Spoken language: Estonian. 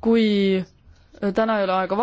kui täna ei ole aega